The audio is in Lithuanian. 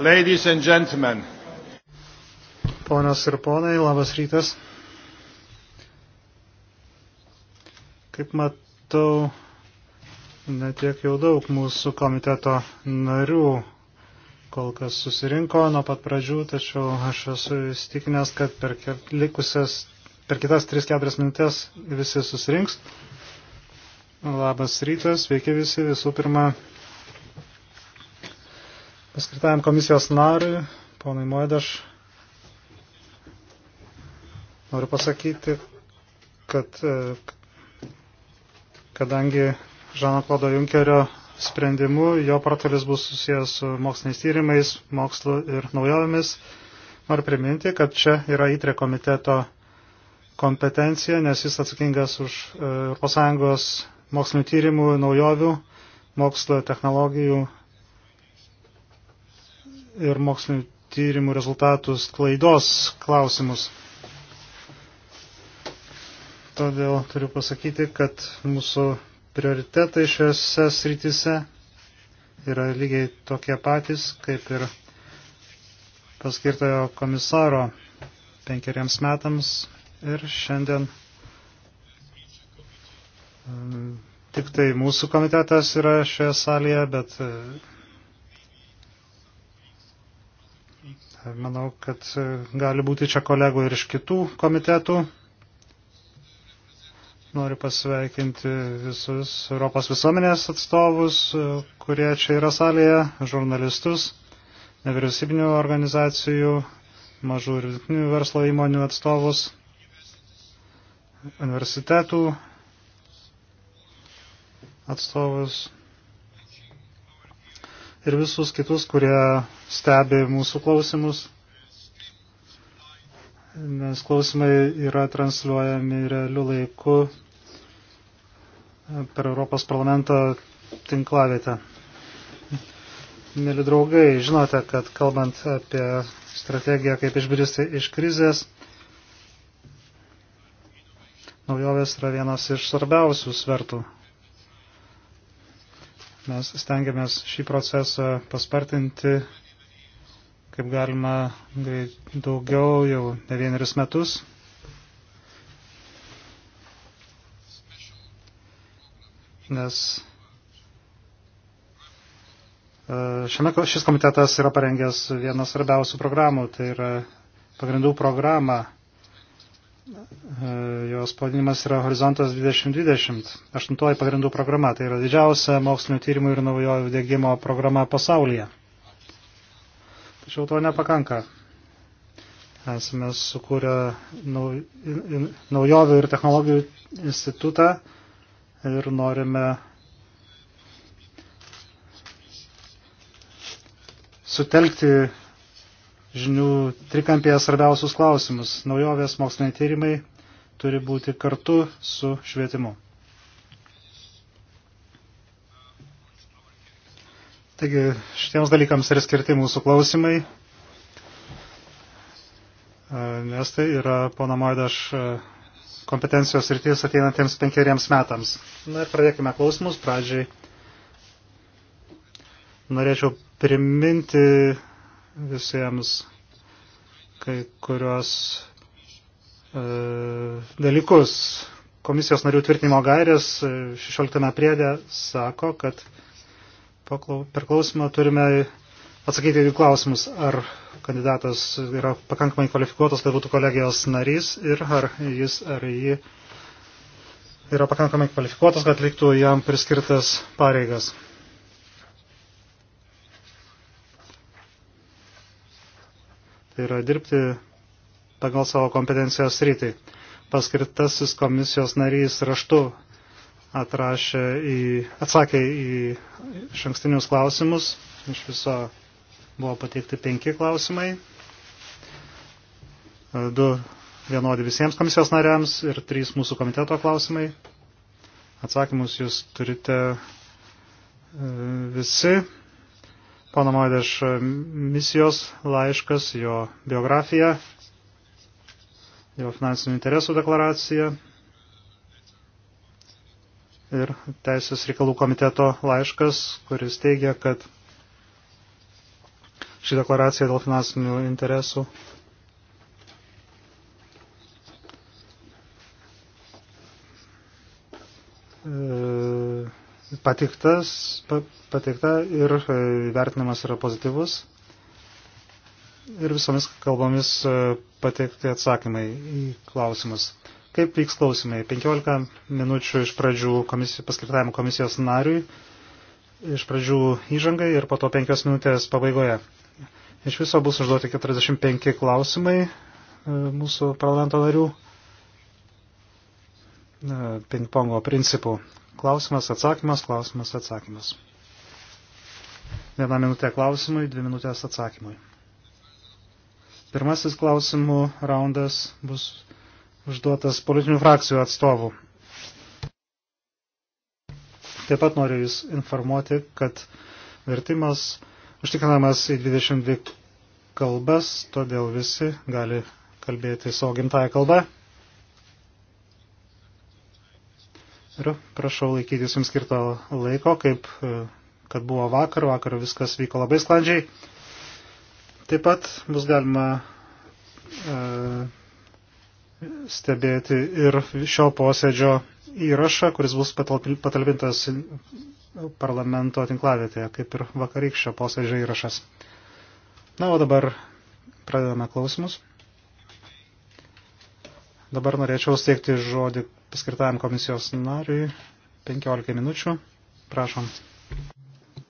Ladies and gentlemen. Ponios ir ponai, labas rytas. Kaip matau, netiek jau daug mūsų komiteto narių kol kas susirinko nuo pat pradžių, tačiau aš esu įstikinęs, kad per likusias, per kitas 3-4 minutės visi susirinks. Labas rytas, sveiki visi, visų pirma, paskirtajam komisijos nariui, ponai Moedaš, noriu pasakyti, kad e, kadangi Žano Klodo Junkerio sprendimu jo portfelis bus susijęs su moksliniais tyrimais, mokslu ir naujovėmis, noriu priminti, kad čia yra įtrė komiteto kompetencija, nes jis atsakingas už ES mokslinių tyrimų, naujovių, mokslo technologijų ir mokslinių tyrimų rezultatus klaidos klausimus. Todėl turiu pasakyti, kad mūsų prioritetai šiuose srityse yra lygiai tokie patys, kaip ir paskirtojo komisaro penkeriams metams ir šiandien e, tik tai mūsų komitetas yra šioje salėje, bet e, Manau, kad gali būti čia kolegų ir iš kitų komitetų. Noriu pasveikinti visus Europos visuomenės atstovus, kurie čia yra salėje, žurnalistus, nevyriausybinių organizacijų, mažų ir vidutinių verslo įmonių atstovus, universitetų atstovus ir visus kitus, kurie stebi mūsų klausimus, nes klausimai yra transliuojami realiu laiku per Europos parlamento tinklavietę. Mėly draugai, žinote, kad kalbant apie strategiją, kaip išbristi iš krizės, naujovės yra vienas iš svarbiausių svertų. Mes stengiamės šį procesą paspartinti kaip galima daugiau jau ne vienerius metus. Nes e, šiame, šis komitetas yra parengęs vieną svarbiausių programų, tai yra pagrindų programa. E, jos pavadinimas yra Horizontas 2020, aštuntoji pagrindų programa. Tai yra didžiausia mokslinio tyrimų ir naujovių dėgymo programa pasaulyje. Tačiau to nepakanka. Esame sukūrę naujovių ir technologijų institutą ir norime sutelkti žinių trikampėje svarbiausius klausimus. Naujovės moksliniai tyrimai turi būti kartu su švietimu. Taigi šitiems dalykams yra skirti mūsų klausimai, nes tai yra pono Moidaš kompetencijos rytis ateinantiems penkeriems metams. Na ir pradėkime klausimus. Pradžiai norėčiau priminti visiems kai kurios e, dalykus. Komisijos narių tvirtinimo gairės 16 priedė sako, kad per klausimą turime atsakyti į klausimus, ar kandidatas yra pakankamai kvalifikuotas, kad būtų kolegijos narys ir ar jis ar ji yra pakankamai kvalifikuotas, kad liktų jam priskirtas pareigas. Tai yra dirbti pagal savo kompetencijos rytį. Paskirtasis komisijos narys raštu atrašė į, atsakė į šankstinius klausimus. Iš viso buvo pateikti penki klausimai. Du vienodi visiems komisijos nariams ir trys mūsų komiteto klausimai. Atsakymus jūs turite e, visi. Pono Moideš e, misijos laiškas, jo biografija, jo finansinių interesų deklaracija, ir Teisės reikalų komiteto laiškas, kuris teigia, kad ši deklaracija dėl finansinių interesų e, patiktas, patikta ir vertinimas yra pozityvus. Ir visomis kalbomis e, pateikti atsakymai į klausimus. Kaip vyks klausimai? 15 minučių iš pradžių komisijos, paskirtajam komisijos nariui, iš pradžių įžangai ir po to 5 minutės pabaigoje. Iš viso bus užduoti 45 klausimai e, mūsų parlamento narių e, pingpongo principų. Klausimas, atsakymas, klausimas, atsakymas. Viena minutė klausimui, dvi minutės atsakymui. Pirmasis klausimų raundas bus užduotas politinių frakcijų atstovų. Taip pat noriu Jūs informuoti, kad vertimas užtikrinamas į 22 kalbas, todėl visi gali kalbėti savo gimtąją kalbą. Ir prašau laikytis jums skirto laiko, kaip e, kad buvo vakar, vakar viskas vyko labai sklandžiai. Taip pat bus galima e, stebėti ir šio posėdžio įrašą, kuris bus patalpintas parlamento tinklavietėje, kaip ir vakarykščio posėdžio įrašas. Na, o dabar pradedame klausimus. Dabar norėčiau steigti žodį paskirtajam komisijos nariui. 15 minučių. Prašom.